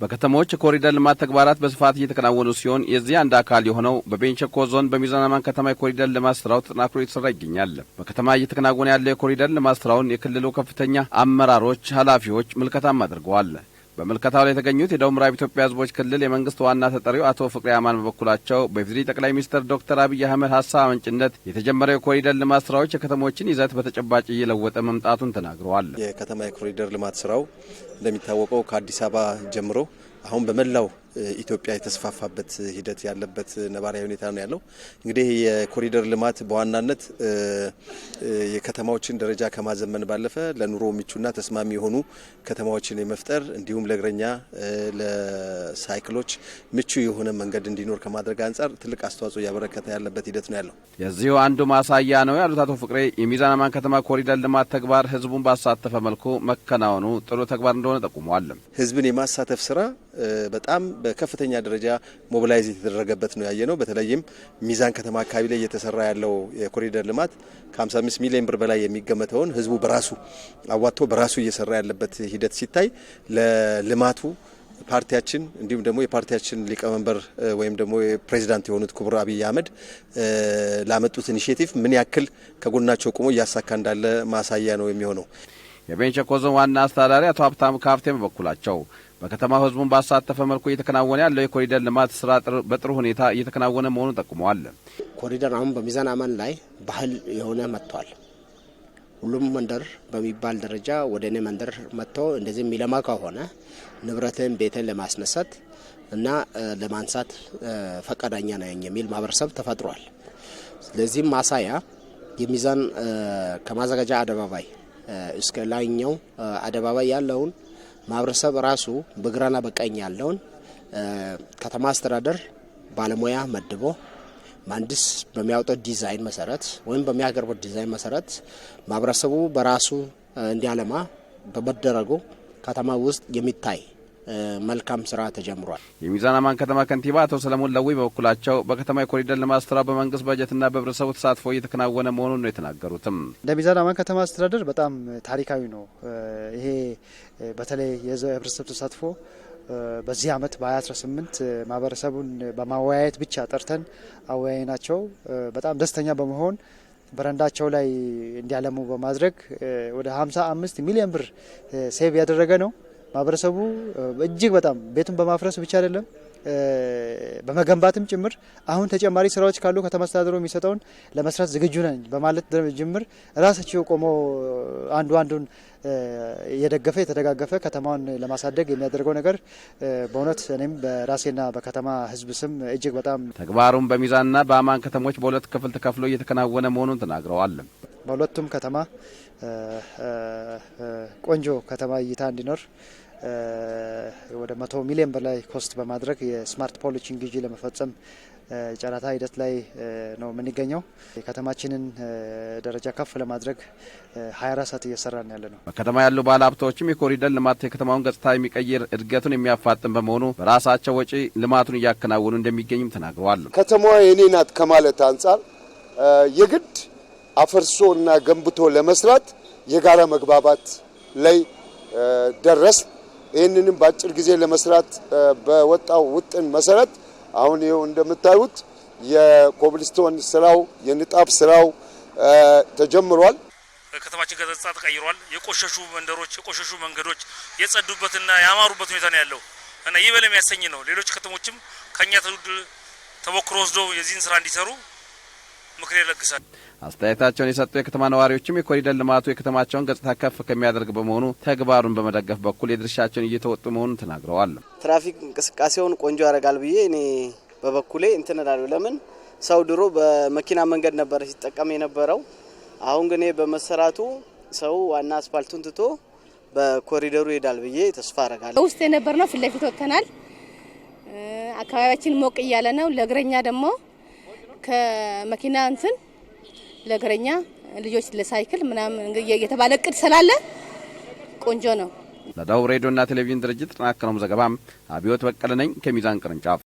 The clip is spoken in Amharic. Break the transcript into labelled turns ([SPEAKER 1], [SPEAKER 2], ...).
[SPEAKER 1] በከተሞች የኮሪደር ልማት ተግባራት በስፋት እየተከናወኑ ሲሆን የዚህ አንድ አካል የሆነው በቤንች ሸኮ ዞን በሚዛን አማን ከተማ የኮሪደር ልማት ስራው ተጠናክሮ እየተሰራ ይገኛል። በከተማ እየተከናወነ ያለው የኮሪደር ልማት ስራውን የክልሉ ከፍተኛ አመራሮች፣ ኃላፊዎች ምልከታም አድርገዋል። በምልከታው ላይ የተገኙት የደቡብ ምዕራብ ኢትዮጵያ ህዝቦች ክልል የመንግስት ዋና ተጠሪው አቶ ፍቅሪ አማን በበኩላቸው በኢፌዴሪ ጠቅላይ ሚኒስትር ዶክተር አብይ አህመድ ሀሳብ አመንጭነት የተጀመረው የኮሪደር ልማት ስራዎች የከተሞችን ይዘት በተጨባጭ እየለወጠ መምጣቱን ተናግረዋል።
[SPEAKER 2] የከተማ የኮሪደር ልማት ስራው እንደሚታወቀው ከአዲስ አበባ ጀምሮ አሁን በመላው ኢትዮጵያ የተስፋፋበት ሂደት ያለበት ነባራዊ ሁኔታ ነው ያለው። እንግዲህ የኮሪደር ልማት በዋናነት የከተማዎችን ደረጃ ከማዘመን ባለፈ ለኑሮ ምቹና ተስማሚ የሆኑ ከተማዎችን የመፍጠር እንዲሁም ለእግረኛ ለሳይክሎች ምቹ የሆነ መንገድ እንዲኖር ከማድረግ አንጻር ትልቅ አስተዋጽኦ እያበረከተ ያለበት ሂደት ነው ያለው።
[SPEAKER 1] የዚሁ አንዱ ማሳያ ነው ያሉት አቶ ፍቅሬ የሚዛን አማን ከተማ ኮሪደር ልማት ተግባር ህዝቡን ባሳተፈ መልኩ መከናወኑ ጥሩ ተግባር እንደሆነ ጠቁመዋል።
[SPEAKER 2] ህዝብን የማሳተፍ ስራ በጣም በከፍተኛ ደረጃ ሞቢላይዝ የተደረገበት ነው ያየ ነው። በተለይም ሚዛን ከተማ አካባቢ ላይ እየተሰራ ያለው የኮሪደር ልማት ከ55 ሚሊዮን ብር በላይ የሚገመተውን ህዝቡ በራሱ አዋጥቶ በራሱ እየሰራ ያለበት ሂደት ሲታይ ለልማቱ ፓርቲያችን እንዲሁም ደግሞ የፓርቲያችን ሊቀመንበር ወይም ደግሞ ፕሬዚዳንት የሆኑት ክቡር አብይ አህመድ ላመጡት ኢኒሽቲቭ ምን ያክል ከጎናቸው ቆሞ እያሳካ እንዳለ ማሳያ ነው የሚሆነው።
[SPEAKER 1] የቤንች ሸኮ ዞን ዋና አስተዳዳሪ አቶ ሀብታሙ ካፍቴ በበኩላቸው በከተማው ህዝቡን ባሳተፈ መልኩ እየተከናወነ ያለው የኮሪደር ልማት ስራ በጥሩ ሁኔታ እየተከናወነ መሆኑን ጠቁመዋል።
[SPEAKER 3] ኮሪደር አሁን በሚዛን አመን ላይ ባህል የሆነ መጥቷል። ሁሉም መንደር በሚባል ደረጃ ወደ እኔ መንደር መጥቶ እንደዚህ የሚለማ ከሆነ ንብረትን ቤትን ለማስነሳት እና ለማንሳት ፈቃደኛ ነኝ የሚል ማህበረሰብ ተፈጥሯል። ስለዚህም ማሳያ የሚዛን ከማዘጋጃ አደባባይ እስከ ላይኛው አደባባይ ያለውን ማህበረሰብ ራሱ በግራና በቀኝ ያለውን ከተማ አስተዳደር ባለሙያ መድቦ መሀንዲስ በሚያወጣው ዲዛይን መሰረት ወይም በሚያቀርበው ዲዛይን መሰረት ማህበረሰቡ በራሱ እንዲያለማ በመደረጉ ከተማ ውስጥ የሚታይ መልካም ስራ ተጀምሯል።
[SPEAKER 1] የሚዛን አማን ከተማ ከንቲባ አቶ ሰለሞን ለዊ በበኩላቸው በከተማ የኮሪደር ልማት ስራ በመንግስት በጀትና በህብረተሰቡ ተሳትፎ እየተከናወነ መሆኑን ነው የተናገሩትም።
[SPEAKER 4] እንደ ሚዛን አማን ከተማ አስተዳደር በጣም ታሪካዊ ነው። ይሄ በተለይ የህብረተሰብ ተሳትፎ በዚህ አመት በ2018 ማህበረሰቡን በማወያየት ብቻ ጠርተን አወያይ ናቸው በጣም ደስተኛ በመሆን በረንዳቸው ላይ እንዲያለሙ በማድረግ ወደ 55 ሚሊዮን ብር ሴቭ ያደረገ ነው። ማህበረሰቡ እጅግ በጣም ቤቱን በማፍረስ ብቻ አይደለም በመገንባትም ጭምር አሁን ተጨማሪ ስራዎች ካሉ ከተማ አስተዳደሩ የሚሰጠውን ለመስራት ዝግጁ ነን በማለት ጅምር ራሳቸው ቆሞ አንዱ አንዱን እየደገፈ የተደጋገፈ ከተማውን ለማሳደግ የሚያደርገው ነገር በእውነት እኔም በራሴና በከተማ ህዝብ ስም እጅግ በጣም
[SPEAKER 1] ተግባሩን በሚዛንና በአማን ከተሞች በሁለት ክፍል ተከፍሎ እየተከናወነ መሆኑን ተናግረዋል።
[SPEAKER 4] በሁለቱም ከተማ ቆንጆ ከተማ እይታ እንዲኖር ወደ መቶ ሚሊዮን በላይ ኮስት በማድረግ የስማርት ፖሎችን ግዢ ለመፈጸም የጨረታ ሂደት ላይ ነው የምንገኘው። የከተማችንን ደረጃ ከፍ ለማድረግ ሀያ አራት ሰዓት እየሰራን ያለ ነው።
[SPEAKER 1] በከተማ ያሉ ባለ ሀብታዎችም የኮሪደር ልማት የከተማውን ገጽታ የሚቀይር እድገቱን የሚያፋጥን በመሆኑ በራሳቸው ወጪ ልማቱን እያከናወኑ እንደሚገኝም ተናግረዋል።
[SPEAKER 5] ከተማዋ የኔ ናት ከማለት አንጻር የግድ አፈርሶ እና ገንብቶ ለመስራት የጋራ መግባባት ላይ ደረስ ይህንንም በአጭር ጊዜ ለመስራት በወጣው ውጥን መሰረት አሁን ይኸው እንደምታዩት የኮብልስቶን ስራው የንጣፍ ስራው ተጀምሯል።
[SPEAKER 6] ከተማችን ገጽታ ተቀይሯል። የቆሸሹ መንደሮች፣ የቆሸሹ መንገዶች የጸዱበትና ያማሩበት ሁኔታ ነው ያለው እና ይህ በለም ያሰኝ ነው። ሌሎች ከተሞችም ከእኛ ትውልድ ተሞክሮ ወስዶ የዚህን ስራ እንዲሰሩ ምክር ይለግሳል።
[SPEAKER 1] አስተያየታቸውን የሰጡ የከተማ ነዋሪዎችም የኮሪደር ልማቱ የከተማቸውን ገጽታ ከፍ ከሚያደርግ በመሆኑ ተግባሩን በመደገፍ በኩል የድርሻቸውን እየተወጡ መሆኑን ተናግረዋል።
[SPEAKER 7] ትራፊክ እንቅስቃሴውን ቆንጆ ያደርጋል ብዬ እኔ በበኩሌ እንትን እላለሁ። ለምን ሰው ድሮ በመኪና መንገድ ነበር ሲጠቀም የነበረው። አሁን ግን በመሰራቱ ሰው ዋና አስፋልቱን ትቶ በኮሪደሩ ይሄዳል ብዬ ተስፋ አረጋለሁ።
[SPEAKER 8] ውስጥ የነበር ነው ፊት ለፊት ወጥተናል። አካባቢያችን ሞቅ እያለ ነው። ለእግረኛ ደግሞ ከመኪና እንትን ለእግረኛ ልጆች ለሳይክል ምናምን የተባለ እቅድ ስላለ ቆንጆ ነው።
[SPEAKER 1] ለደቡብ ሬዲዮና ቴሌቪዥን ድርጅት ተጠናከረው ዘገባም አብዮት በቀለ ነኝ ከሚዛን ቅርንጫፍ